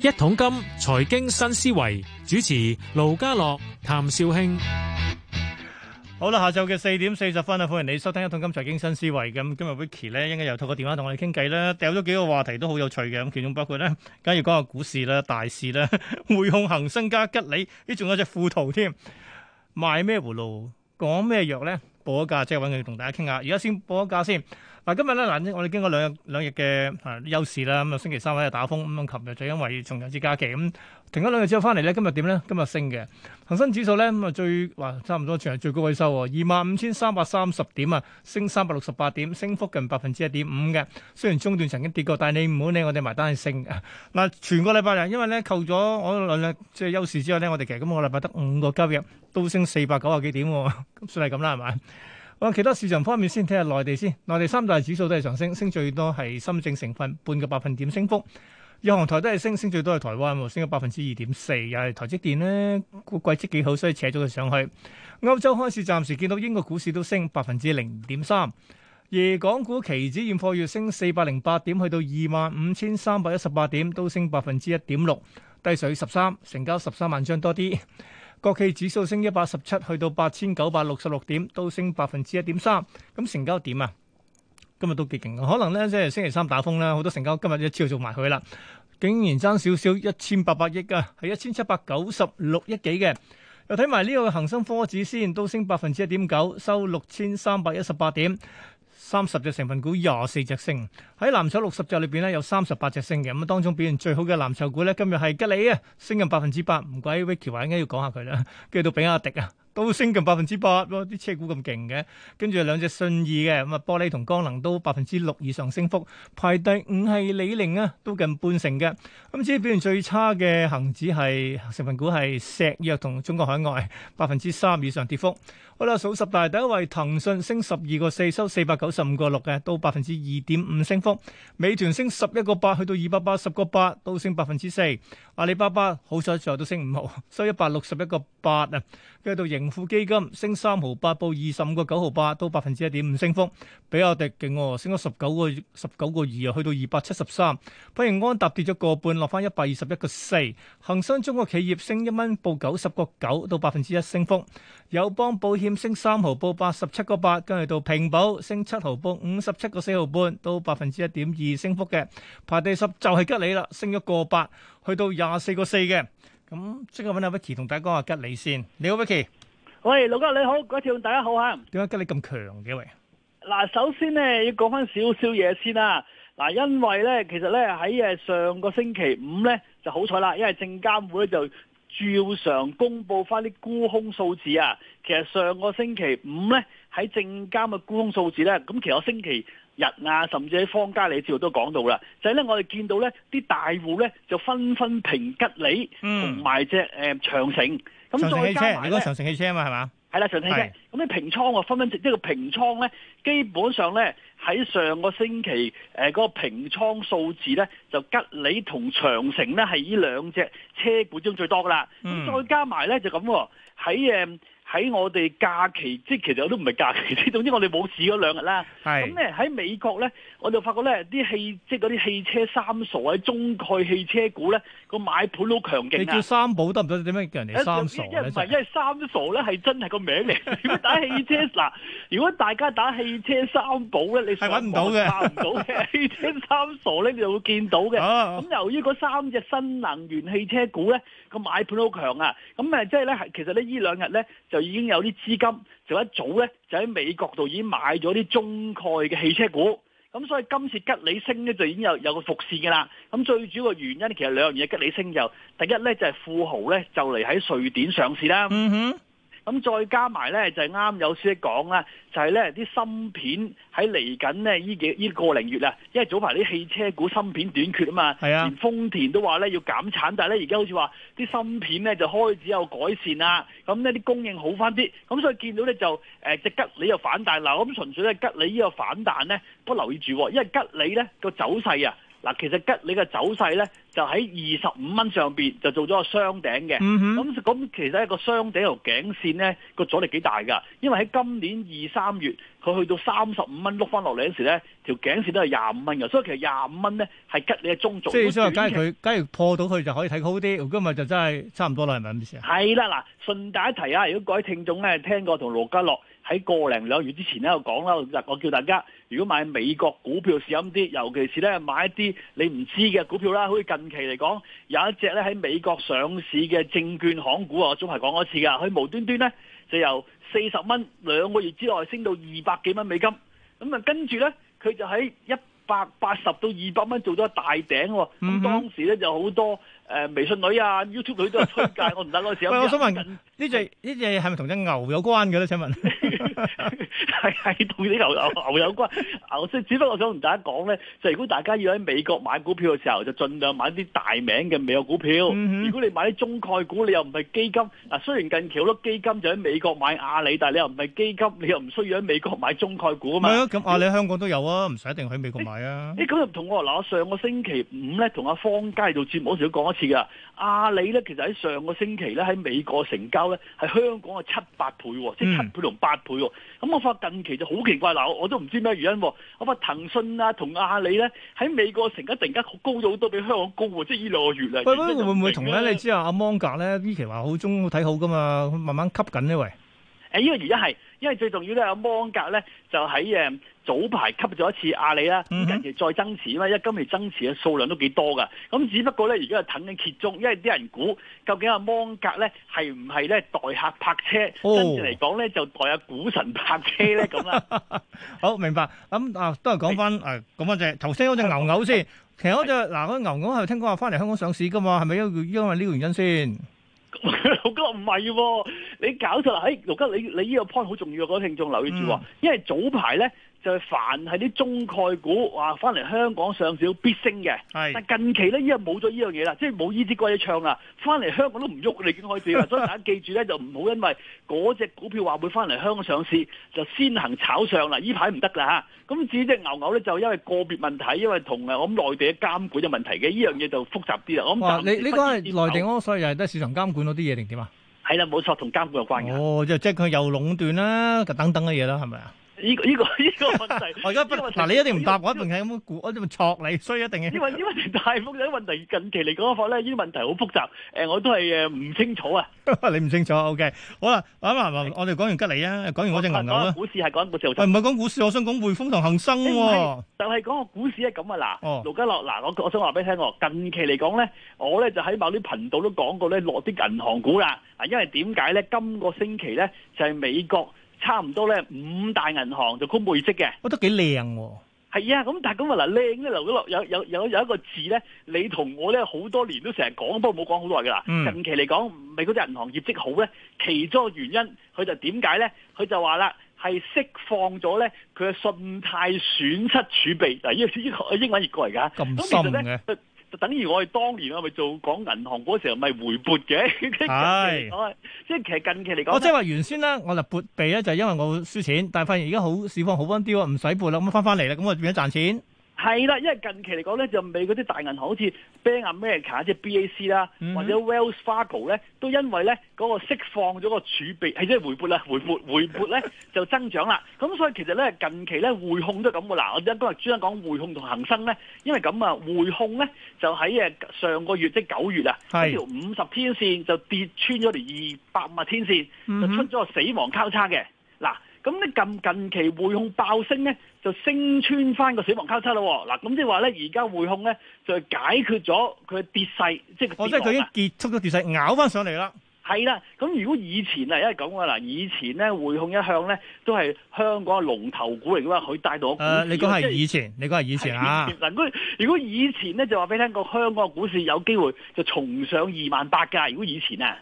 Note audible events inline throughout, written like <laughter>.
一桶金財經新思維主持盧家樂譚紹興，好啦，下晝嘅四點四十分啊，歡迎你收聽一桶金財經新思維。咁今日 Vicky 咧應該又透過電話同我哋傾偈啦，掉咗幾個話題都好有趣嘅。咁其中包括咧，跟住講下股市啦、大事啦、匯控恒生加吉利，呢仲有隻富途添，賣咩葫蘆講咩藥咧？報一價即係揾佢同大家傾下。而家先報一價先。嗱，今日咧嗱，我哋經過兩兩日嘅啊休市啦，咁啊星期三喺度打風，咁啊琴日就因為仲有節假期，咁停咗兩日之後翻嚟咧，今日點咧？今日升嘅，恒生指數咧咁啊最話差唔多全日最高位收喎，二萬五千三百三十點啊，升三百六十八點，升幅近百分之一點五嘅。雖然中段曾經跌過，但係你唔好理我哋埋單係升嘅。嗱，全個禮拜啊，因為咧扣咗我兩兩即係休市之後咧，我哋其實今個禮拜得五個交易日都升四百九十幾點，咁算係咁啦，係咪？其他市場方面，先睇下內地先，內地三大指數都係上升，升最多係深證成分半個百分點升幅，日韓台都係升，升最多係台灣，升咗百分之二點四，又係台積電呢估，季績幾好，所以扯咗佢上去。歐洲開市暫時見到英國股市都升百分之零點三，而港股期指現貨月升四百零八點，去到二萬五千三百一十八點，都升百分之一點六，低水十三，成交十三萬張多啲。國企指數升一百十七，去到八千九百六十六點，都升百分之一點三。咁成交點啊，今日都幾勁啊！可能咧即係星期三打風啦，好多成交今日一朝做埋佢啦，竟然爭少少一千八百億啊，係一千七百九十六億幾嘅。又睇埋呢個恒生科指先，都升百分之一點九，收六千三百一十八點。三十隻成分股廿四隻升，喺藍籌六十隻裏邊咧有三十八隻升嘅，咁啊當中表現最好嘅藍籌股咧今日係吉利啊，升近百分之八，唔怪 Vicky 話應該要講下佢啦，跟住到比亞迪啊。都升近百分之八咯，啲車股咁勁嘅。跟住兩隻信義嘅咁啊，玻璃同光能都百分之六以上升幅。排第五係李寧啊，都近半成嘅。咁至於表現最差嘅恆指係成分股係石藥同中國海外，百分之三以上跌幅。好啦，數十大第一位騰訊升十二個四，收四百九十五個六嘅，到百分之二點五升幅。美團升十一個八，去到二百八十個八，都升百分之四。阿里巴巴好彩最後都升五毫，收一百六十一個八啊。去到盈富基金升三毫八，報二十五個九毫八，到百分之一點五升幅，比亞迪勁喎，升咗十九個十九個二，去到二百七十三。平安踏跌咗個半，落翻一百二十一個四。恒生中國企業升一蚊，報九十個九，到百分之一升幅。友邦保險升三毫，報八十七個八。跟住到平保升七毫，報五十七個四毫半，到百分之一點二升幅嘅。排第十就係吉利啦，升咗個八，去到廿四個四嘅。咁即刻搵阿 Vicky 同大家講下吉利先。你好，Vicky。喂，老哥你好，各位聽眾大家好吓。點解吉利咁強嘅？喂，嗱，首先咧要講翻少少嘢，先啦。嗱，因為咧其實咧喺誒上個星期五咧就好彩啦，因為證監會咧就照常公布翻啲沽空數字啊。其實上個星期五咧喺證監嘅沽空數字咧，咁其實星期。日啊，甚至喺方家裏之後都講到啦，就係咧，我哋見到咧，啲大戶咧就紛紛平吉利同埋隻誒長城。長城汽車，你講長城汽車啊嘛？係嘛？係啦，長城汽車。咁啲平倉啊，紛紛即係個平倉咧，基本上咧喺上個星期誒嗰個平倉數字咧，就吉利同長城咧係呢兩隻車股中最多噶啦。咁、嗯、再加埋咧就咁喎，喺誒。呃喺我哋假期，即係其實我都唔係假期。總之我哋冇事嗰兩日咧，咁咧喺美國咧，我就發覺咧啲汽，即係啲汽車三傻喺中概汽車股咧個買盤好強勁啊！你叫三寶得唔得？點樣叫人哋三傻咧？因為唔係，因為三傻咧係真係個名嚟， <laughs> 如果打汽車嗱。如果大家打汽車三寶咧，你係揾唔到嘅，買唔到嘅汽車三傻咧，你就會見到嘅。咁 <laughs> 由於嗰三隻新能源汽車股咧。個買盤好強啊！咁啊，即係咧，係其實咧，呢兩日咧就已經有啲資金就一早咧就喺美國度已經買咗啲中概嘅汽車股，咁所以今次吉利升咧就已經有有個伏線噶啦。咁最主要嘅原因，其實兩樣嘢吉利升就第一咧就係富豪咧就嚟喺瑞典上市啦。嗯哼。咁再加埋呢，就係、是、啱有師姐講啦，就係呢啲芯片喺嚟緊呢呢幾個零月啊，因為早排啲汽車股芯片短缺啊嘛，係啊，連豐田都話呢要減產，但係呢而家好似話啲芯片呢就開始有改善啦，咁呢啲供應好返啲，咁所以見到呢，就誒隻吉利又反彈啦，咁純粹呢，吉利呢個反彈呢、呃、不留意住，因為吉利呢個走勢啊。嗱，其實吉利嘅走勢咧，就喺二十五蚊上邊就做咗個雙頂嘅。咁咁其實一個雙頂條頸線咧，個阻力幾大㗎。因為喺今年二三月，佢去到三十五蚊碌翻落嚟嗰時咧，條頸線都係廿五蚊嘅。所以其實廿五蚊咧係吉利嘅中軸。即係即係話，假如佢假如破到佢，就可以睇好啲。咁咪就真係差唔多啦，係咪咁意思啊？係啦，嗱，順帶一提啊，如果各位聽眾咧聽過同羅嘉樂。喺過零兩月之前咧，我講啦，我叫大家如果買美國股票試飲啲，尤其是咧買一啲你唔知嘅股票啦。好似近期嚟講，有一隻咧喺美國上市嘅證券行股，啊，我總係講咗一次噶。佢無端端咧就由四十蚊兩個月之內升到二百幾蚊美金，咁啊跟住咧佢就喺一百八十到二百蚊做咗大頂。咁、嗯、當時咧就好多誒微信女啊、YouTube 女都推介， <laughs> 我唔得攞試喂，我想問呢隻呢隻係咪同隻牛有關嘅咧？請問？ <laughs> 係係同啲牛牛牛有關，牛即係，只不過我想同大家講咧，就如果大家要喺美國買股票嘅時候，就盡量買啲大名嘅美國股票。嗯、如果你買啲中概股，你又唔係基金，嗱雖然近橋咯，基金就喺美國買阿里，但係你又唔係基金，你又唔需要喺美國買中概股啊嘛。係咁阿里、啊、香港都有啊，唔使一定喺美國買啊。誒，咁又唔同嗱，我上個星期五咧，同阿方家做節目嗰時都講一次噶。阿里咧，其實喺上個星期咧喺美國成交咧係香港嘅七八倍，即係七倍同八倍。咁我發近期就好奇怪，嗱我都唔知咩原因。我發騰訊啊同阿里咧喺美國成交突然間高咗好多，比香港高喎，即係呢兩個月嚟。會唔會同咧？你知啊，阿芒格咧呢期話好中睇好噶嘛，慢慢吸緊呢位。誒，呢個原因係因為最重要咧，阿芒格咧就喺誒早排吸咗一次阿里啦，跟、嗯、住再增持啊，因為今期增持嘅數量都幾多噶，咁只不過咧而家係等緊揭盅，因為啲人估究竟阿芒格咧係唔係咧代客泊車，跟住嚟講咧就代阿股神泊車咧咁啦。 <laughs> 好，明白。咁、嗯、啊，都係講翻誒講翻隻頭先嗰隻牛牛先。哎、其實嗰隻嗱隻牛牛係聽講話翻嚟香港上市噶嘛，係咪因因為呢個原因先？盧吉唔係，你搞錯啦！哎，盧吉，你你呢個 point 好重要，嗰啲聽眾留意住，因為早排咧。就係凡係啲中概股，話翻嚟香港上市都必升嘅。係，但近期咧，依家冇咗呢樣嘢啦，即係冇呢支歌咧唱啦，翻嚟香港都唔喐，你已經開始啦。 <laughs> 所以大家記住咧，就唔好因為嗰隻股票話會翻嚟香港上市，就先行炒上啦。呢排唔得啦吓。咁至於隻牛牛咧，就因為個別問題，因為同我諗內地嘅監管嘅問題嘅，呢樣嘢就複雜啲啦。咁你呢、這個係內地咯，所以又係得市場監管嗰啲嘢定點啊？係啦，冇錯，同監管有關嘅。哦，即即係佢又壟斷啦，等等嘅嘢啦，係咪啊？依個依個依個問題，我而家不嗱，你一定唔答，我一定係咁估，我一定咪戳你，所以一定嘅。因為因為大風有問題，近期嚟講咧，依啲問題好複雜，誒，我都係誒唔清楚啊。你唔清楚，OK，好啦，阿南南，我哋講完吉利啊，講完嗰隻銀行啦。股市係講個時候，唔係講股市，我想講匯豐同恒生。但係講個股市係咁啊，嗱，盧嘉樂嗱，我我想話俾你聽，我近期嚟講咧，我咧就喺某啲頻道都講過咧，落啲銀行股啦。啊，因為點解咧？今個星期咧，就係美國。差唔多咧，五大銀行就高背績嘅，我覺得幾靚喎。係啊，咁但係咁啊嗱，靚咧留落有有有有一個字咧，你同我咧好多年都成日講，不過冇講好耐㗎啦。近期嚟講，美國只銀行業績好咧，其中個原因佢就點解咧？佢就話啦，係釋放咗咧佢嘅信貸損失儲備。嗱，依依個英文譯過嚟㗎，咁深嘅。其實呢就等於我哋當年啊，咪做講銀行股嗰時候咪回撥嘅， <laughs> 即係近期嚟講，即係其實近期嚟講我即係話原先咧，我嚟撥備咧就係、是、因為我輸錢，但係發現而家好市況好翻啲啊，唔使撥啦，咁啊翻翻嚟啦，咁我變咗賺錢。係啦，因為近期嚟講咧，就美國啲大銀行，好似 Bank America 即係 BAC 啦、mm -hmm.，或者 Wells Fargo 咧，都因為咧嗰個釋放咗個儲備，係即係回撥啦，回撥回撥咧就增長啦。咁 <laughs> 所以其實咧近期咧匯控都係咁嘅嗱。我今日專登講匯控同恒生咧，因為咁啊匯控咧就喺誒上個月即係九月啊，呢條五十天線就跌穿咗條二百五十天線，就出咗個死亡交叉嘅嗱。咁呢近近期匯控爆升咧，就升穿翻個死亡交叉咯、啊。嗱，咁即係話咧，而家匯控咧就解決咗佢嘅跌勢，即係哦，即係佢已經結束咗跌勢，咬翻上嚟啦。係啦，咁如果以前啊，因為講嘅嗱，以前咧匯控一向咧都係香港嘅龍頭股嚟嘅嘛，佢帶到我。誒，你講係以前，你講係以前啊？嗱，如果以前咧、啊啊，就話俾你聽個香港嘅股市有機會就重上二萬八㗎。如果以前啊，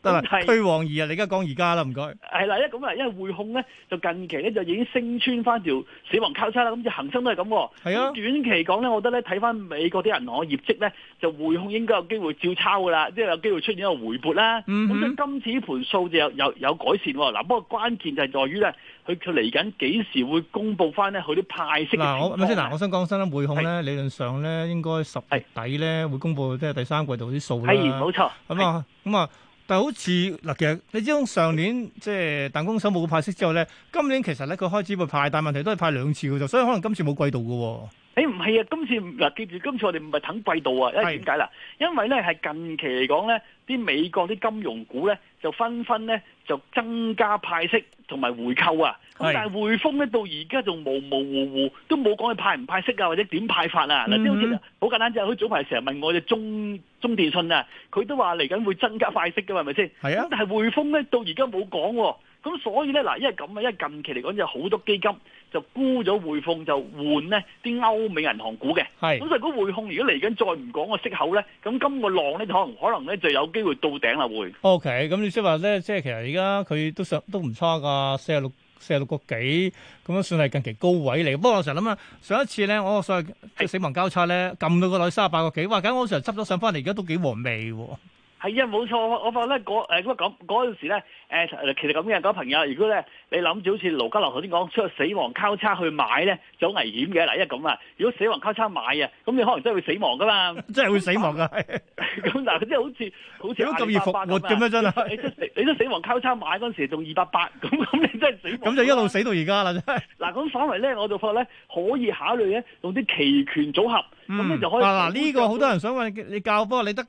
都係虛妄而啊！你而家講而家啦，唔該。係啦，因為咁啊，因為匯控咧，就近期咧就已經升穿翻條死亡交叉啦，咁就恒生都係咁。係啊。短期講咧，我覺得咧睇翻美國啲銀行嘅業績咧，就匯控應該有機會照抄㗎啦，即係有機會出現一個回撥啦。嗯，咁今次呢盤數字，有有有改善嗱。哦，不過關鍵就係在於咧，佢佢嚟緊幾時會公佈翻咧佢啲派息嗱。咪先嗱，我想講先咧，滙控咧理論上咧應該十月底咧會公佈，即係第三季度啲數啦。冇錯咁啊，咁啊，但係好似嗱，其實你知唔上年即係彈弓手冇派息之後咧，今年其實咧佢開始會派，但問題都係派兩次嘅啫，所以可能今次冇季度嘅。哦。你唔係啊，今次嗱，記住今次我哋唔係等季度啊，因為點解啦？因為咧係近期嚟講咧，啲美國啲金融股咧就紛紛咧就增加派息同埋回購啊。咁但係匯豐咧到而家仲模模糊糊，都冇講佢派唔派息啊，或者點派法啊。嗱，好似好簡單啫，佢早排成日問我哋中中電信啊，佢都話嚟緊會增加派息㗎嘛，係咪先？係啊。但係匯豐咧到而家冇講喎。咁所以咧嗱，因為咁啊，因為近期嚟講有好多基金就沽咗匯豐，就換咧啲歐美銀行股嘅。係，咁所以個匯控如果嚟緊再唔講個息口咧，咁今個浪咧可能可能咧就有機會到頂啦會。O K，咁你即係話咧，即係其實而家佢都上都唔差㗎，四十六四十六個幾，咁樣算係近期高位嚟。不過我成日諗啊，上一次咧，我個所謂死亡交叉咧，撳到個內三十八個幾，哇！咁我成日執咗上翻嚟，而家都幾和味喎。係啊，冇錯。我發覺咧嗰誒咁嗰陣時咧，誒其實咁嘅嗰啲朋友，如果咧你諗住好似盧家良頭先講，出去死亡交叉去買咧，就好危險嘅。嗱，因為咁啊，如果死亡交叉買啊，咁你可能真係會死亡噶嘛，真係會死亡噶。咁嗱，即、啊、係 <laughs> 好似好似咁易復活咁樣真啊！ <laughs> 你都死亡交叉買嗰陣時仲二百八，咁咁你真係死。咁就一路死到、啊、而家啦。嗱，咁反為咧，我就發覺咧可以考慮咧用啲期權組合，咁、嗯、咧就可以、啊。嗱，呢個好多人想問，你教科你得。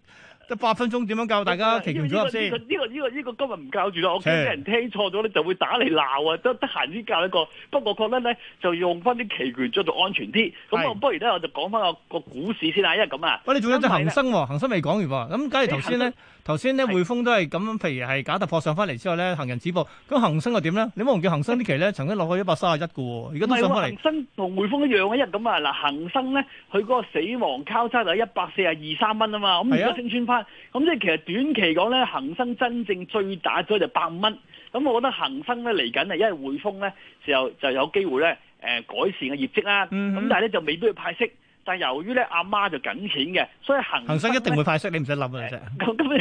即八分鐘點樣教大家期權咗先？呢、這個呢、這個呢、這個今日唔教住啦，我驚啲人聽錯咗咧就會打嚟鬧啊！得得閒先教一個。不過我覺得咧，就用翻啲期權再做安全啲。咁我不如咧，我就講翻個個股市先啦。因為咁啊，喂，你仲有隻恒生喎？恆生未講完噃。咁假如頭先咧，頭先咧，匯豐都係咁，譬如係假突破上翻嚟之後咧，行人指數咁恒生又點咧？你望見恆生啲期咧，曾經落去一百三十一嘅喎，而家都上翻嚟。恒、啊、生同匯豐一樣一日咁啊嗱，恒生咧，佢嗰個死亡交叉就係一百四十二三蚊啊嘛。咁而家精算翻。咁即係其實短期講咧，恒生真正最大咗就百蚊。咁我覺得恒生咧嚟緊啊，因為匯豐咧，就就有機會咧，誒改善嘅業績啦。咁但係咧就未必要派息。但係由於咧阿媽，媽就緊錢嘅，所以恒生，生一定會派息，你唔使諗啊！真、欸、因為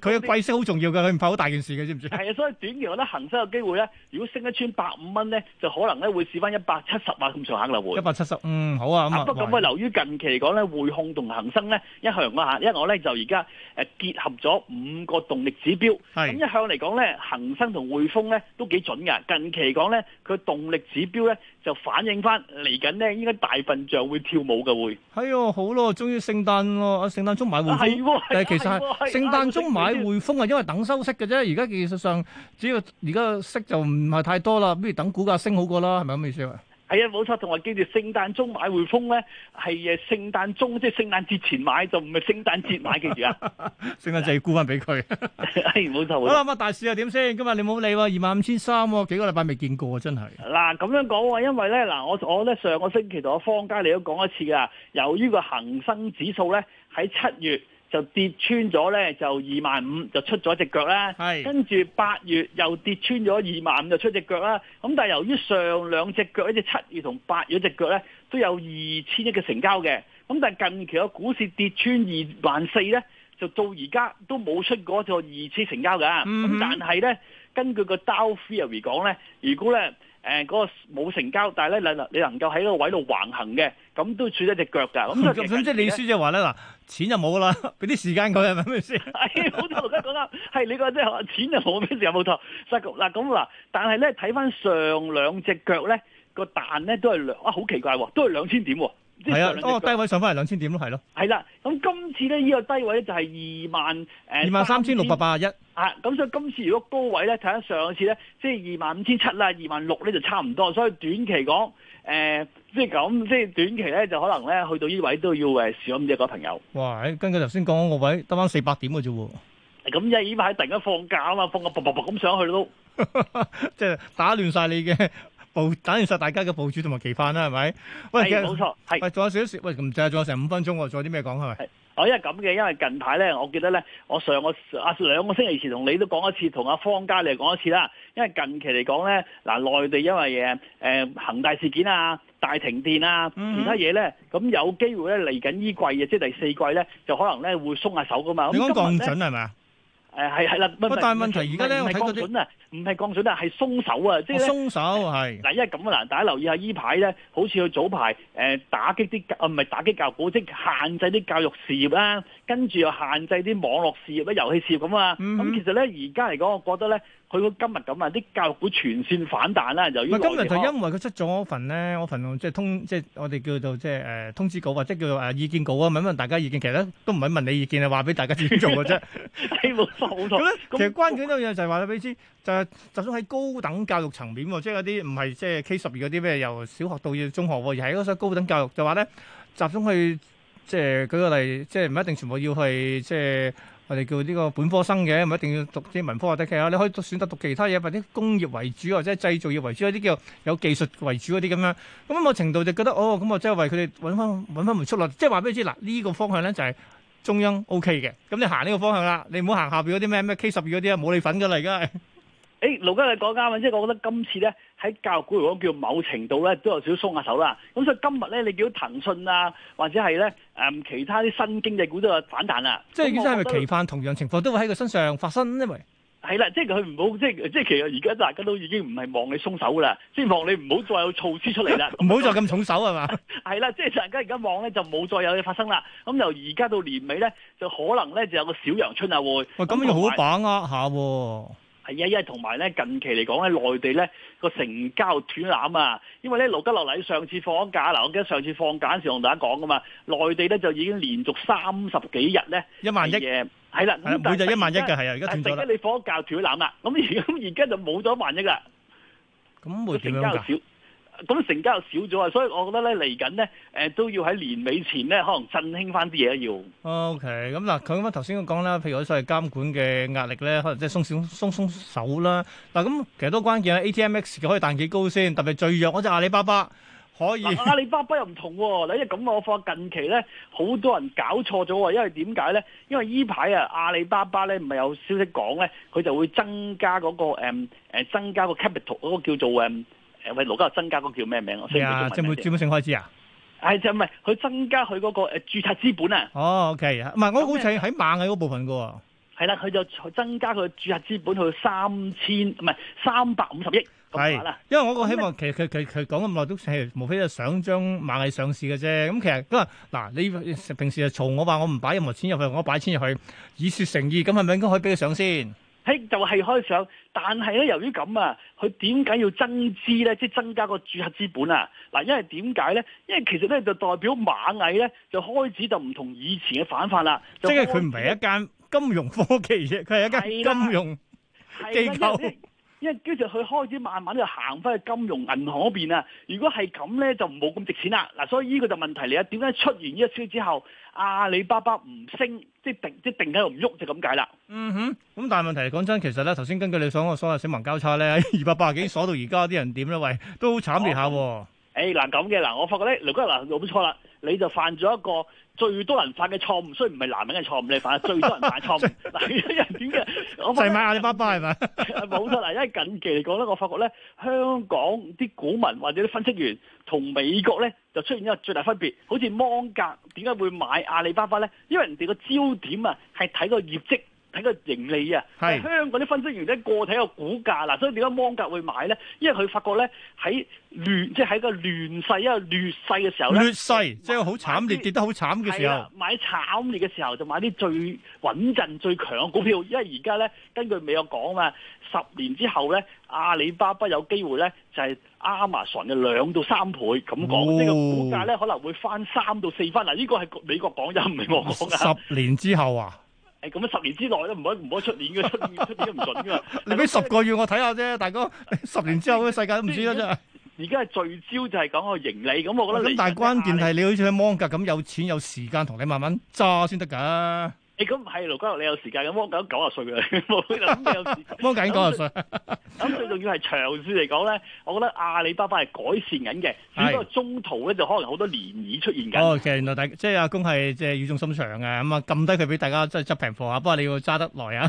佢嘅季息好重要嘅，佢唔派好大件事嘅，知唔知？係啊，所以短期我覺得恒生有機會咧，如果升一穿百五蚊咧，就可能咧會試翻一百七十萬咁上下嘅啦，會一百七十，170，嗯好啊不過咁啊，由於近期嚟講咧匯控同恒生咧一向啊。嚇，因為我咧就而家誒結合咗五個動力指標，咁一向嚟講咧，恒生同匯豐咧都幾準嘅。近期嚟講咧，佢動力指標咧。就反映翻嚟緊咧，應該大笨象會跳舞嘅會。係、哎、哦，好咯，終於聖誕咯，聖誕鐘啊聖誕鐘買匯豐。係、啊，但係其實係聖誕鐘買匯豐啊，因為等收息嘅啫。而家技術上，只要而家息就唔係太多啦，不如等股價升好過啦，係咪咁嘅意思啊？係、哎、啊，冇錯，同埋記住，聖誕鐘買匯豐咧，係誒聖誕鐘，即係聖誕節前買，就唔係聖誕節買，記住啊， <laughs> 聖誕就要估翻俾佢，係 <laughs> 冇、 <laughs> 哎、錯。好啦，啊、嗯，大市又點先？今日你冇理喎，二萬五千三喎，幾個禮拜未見過真係。嗱咁樣講喎，因為咧嗱，我我咧上個星期同阿方家你都講一次噶，由於個恒生指數咧喺七月。就跌穿咗咧，就二萬五就出咗隻腳啦。係，跟住八月又跌穿咗二萬五就出隻腳啦。咁但係由於上兩隻腳，一隻七月同八月隻腳咧，都有二千億嘅成交嘅。咁但係近期個股市跌穿二萬四咧，就到而家都冇出過一個二次成交㗎。咁、嗯、但係咧，根據個 Dow Theory 講咧，如果咧。誒、嗯，嗰、嗰個冇成交，但係咧，嗱嗱，你能夠喺嗰個位度橫行嘅，咁都處得隻腳噶。咁即係，即係你書即係話咧，嗱，錢就冇啦，俾啲時間佢係咪先？係，我頭家講啦係你講即係，錢就冇，咩事有冇錯？啦咁嗱，但係咧睇翻上兩隻腳咧，個彈咧都係兩，啊好奇怪，都係兩千點。係啊，哦，低位上翻嚟兩千點咯，係咯。係啦，咁今次咧呢個低位咧就係二萬誒二萬三千六百八十一啊，咁所以今次如果高位咧睇下上次咧，即係二萬五千七啦，二萬六咧就差唔多，所以短期講誒即係咁，即係短期咧就可能咧去到呢位都要誒、啊、少咁。一、啊那個朋友。哇，根據頭先講個位得翻四百點嘅啫喎，咁因為呢排突然間放假啊嘛，放個卜卜卜咁上去都， <laughs> 即係打亂晒你嘅。報等完晒大家嘅部署同埋期盼啦，係咪？係冇錯。係。喂，仲有少少，喂，唔就仲有成五分鐘。再啲咩講係咪？哦，因為咁嘅，因為近排咧，我記得咧，我上個啊兩個星期前同你都講一次，同阿方家你講一次啦。因為近期嚟講咧，嗱、呃、內地因為誒誒恒大事件啊、大停電啊、嗯、其他嘢咧，咁有機會咧嚟緊依季嘅，即係第四季咧，就可能咧會鬆下手噶嘛。你講降準係咪啊？誒，係係啦，但問題而家咧，我睇到啲唔係，降準啦，係，哦，鬆手啊！即係鬆手係，嗱，因為咁啊啦，大家留意下依排咧，好似佢早排誒打擊啲啊唔係打擊教育補貼，限制啲教育事業啦。跟住又限制啲網絡事業、啲遊戲事業咁啊！咁、嗯、其實咧，而家嚟講，我覺得咧，佢個今日咁啊，啲教育股全線反彈啦，啊。由於今日就因為佢出咗份咧，我份即係通，即、就、係、是、我哋叫做即係誒通知稿，或者叫做誒意見稿啊，問一問大家意見。其實咧，都唔係問你意見啊，話俾大家知做嘅啫。基本上其實關鍵一樣就係話你知，就係集中喺高等教育層面，即係嗰啲唔係即係 K 十二嗰啲咩，由小學到要中學，而係嗰所高等教育就話咧，集中去。即係舉個例，即係唔一定全部要去，即係我哋叫呢個本科生嘅，唔一定要讀啲文科或者其他，你可以選擇讀其他嘢，或者工業為主，或者製造業為主，有啲叫有技術為主嗰啲咁樣。咁某程度就覺得哦，咁我即係為佢哋揾翻揾翻回，回出路。即係話俾你知，嗱呢個方向咧就係中央 O K 嘅。咁你行呢個方向啦，你唔好行下面嗰啲咩咩 K 十二嗰啲啊，冇你份㗎啦而家。誒、欸、盧家你講啱即係我覺得今次咧喺教育股，如果叫某程度咧都有少鬆下手啦。咁所以今日咧，你見到騰訊啊，或者係咧其他啲新經濟股都有反彈啦。即係點係係期盼同樣情況都會喺佢身上發生？因為係啦，即係佢唔好即係即係其實而家大家都已經唔係望你鬆手啦，先望你唔好再有措施出嚟啦，唔 <laughs> 好再咁重手係嘛？係啦， <laughs> 即係大家而家望咧就冇再有嘢發生啦。咁由而家到年尾咧，就可能咧就有個小陽春啊會。喂，咁要好把握下、啊。係啊，因為同埋咧近期嚟講咧，內地咧個成交斷纜啊，因為咧落得落嚟。上次放咗假嗱，我記得上次放假嗰陣時同大家講噶嘛，內地咧就已經連續三十幾日咧一萬億，係啦，咁但係一萬億嘅係啊，而家斷咗。突然間你放咗假斷纜啦，咁而家就冇咗萬億啦。咁會成交少。咁成交又少咗啊，所以我覺得咧嚟緊咧，誒都要喺年尾前咧，可能振興翻啲嘢要。OK，咁、嗯、嗱，佢咁樣頭先講啦，譬如我所謂監管嘅壓力咧，可能即係鬆少鬆、鬆鬆手啦。嗱、嗯，咁其實都關鍵啊。ATMX 嘅可以彈幾高先？特別最弱嗰隻阿里巴巴可以、啊。阿里巴巴又唔同喎，嗱，因為咁我放近期咧，好多人搞錯咗啊，因為點解咧？因為依排啊，阿里巴巴咧唔係有消息講咧，佢就會增加嗰、那個誒、嗯、增加個 capital 嗰個叫做誒。誒喂，盧嘉，增加嗰叫咩名啊？啊，佔滿佔滿盛開支啊！係就唔係佢增加佢嗰個誒註冊資本啊？哦，OK 唔係我好似喺螞蟻嗰部分嘅喎。係啦，佢就增加佢註冊資本去到三千，唔係三百五十億咁打啦。因為我個希望其實佢佢佢講咁耐都係無非就想將螞蟻上市嘅啫。咁其實嗱，你平時就嘈我話我唔擺任何錢入去，我擺錢入去以説誠意，咁係咪應該可以俾佢上先？喺就係、是、開以上但係咧由於咁啊，佢點解要增資咧？即係增加個註冊資本啊！嗱，因為點解咧？因為其實咧就代表螞蟻咧就開始就唔同以前嘅反法啦。即係佢唔係一間金融科技嘅，佢係一間金融機構。因為跟住佢開始慢慢就行翻去金融銀行嗰邊啊，如果係咁咧就冇咁值錢啦。嗱，所以依個就問題嚟啊。點解出現呢一招之後，阿里巴巴唔升，即係定即係定喺度唔喐就咁解啦。嗯哼，咁但係問題講真，其實咧頭先根據你所講嘅所謂死亡交叉咧，二百八十幾鎖到而家啲人點咧？喂，都好慘烈，哦、下、啊。誒嗱咁嘅嗱，我發覺咧，雷哥嗱又冇錯啦，你就犯咗一個。最多人犯嘅錯誤，雖然唔係男人嘅錯誤，你犯最多人犯錯誤。嗱 <laughs> 什麼，點 <laughs> 解？ <laughs> 我發覺，係買阿里巴巴係咪？冇錯啦，因為近期嚟講咧，我發覺咧，香港啲股民或者啲分析員同美國咧就出現一個最大分別。好似芒格點解會買阿里巴巴咧？因為人哋個焦點啊，係睇個業績。睇個盈利啊！喺香港啲分析員咧過睇個股價啦，所以點解芒格會買咧？因為佢發覺咧喺亂，即係喺個亂勢啊，個劣勢嘅時候咧。劣勢即係好慘烈，跌跌得好慘嘅時候。的買慘跌嘅時候就買啲最穩陣、最強嘅股票，因為而家咧根據美國講啊，十年之後咧阿里巴巴有機會咧就係、是、Amazon 嘅兩到三倍咁講，呢、哦、個、就是、股價咧可能會翻三到四分。嗱，呢個係美國講又唔係我講噶。十年之後啊！誒、欸，咁樣十年之內都唔可唔可以出年嘅出年 <laughs> 出年都唔準噶。你俾十個月我睇下啫，大哥。十年之後嘅世界都唔知得啫。而家係聚焦就係講個盈利，咁我覺得。咁但係關鍵係你好似喺芒格咁有錢有時間同你慢慢揸先得㗎。咁唔係羅君你有時間咁摸緊九啊歲嘅，歲你有時間摸緊九啊歲。咁 <laughs> 最, <laughs> 最重要係長線嚟講咧，我覺得阿里巴巴係改善緊嘅，只不過中途咧就可能好多漣漪出現緊。哦，原來大即係阿公係即係語重心長嘅，咁啊撳低佢俾大家即係執平貨啊，不過你要揸得耐啊。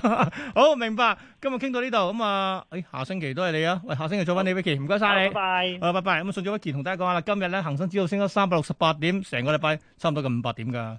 好，明白。今日傾到呢度，咁啊，誒、哎，下星期都係你啊。喂，下星期做翻李偉杰，唔該晒你。拜，拜，拜拜拜。咁啊，順住偉杰同大家講下啦。今日咧恒生指數升咗三百六十八點，成個禮拜差唔多近五百點噶。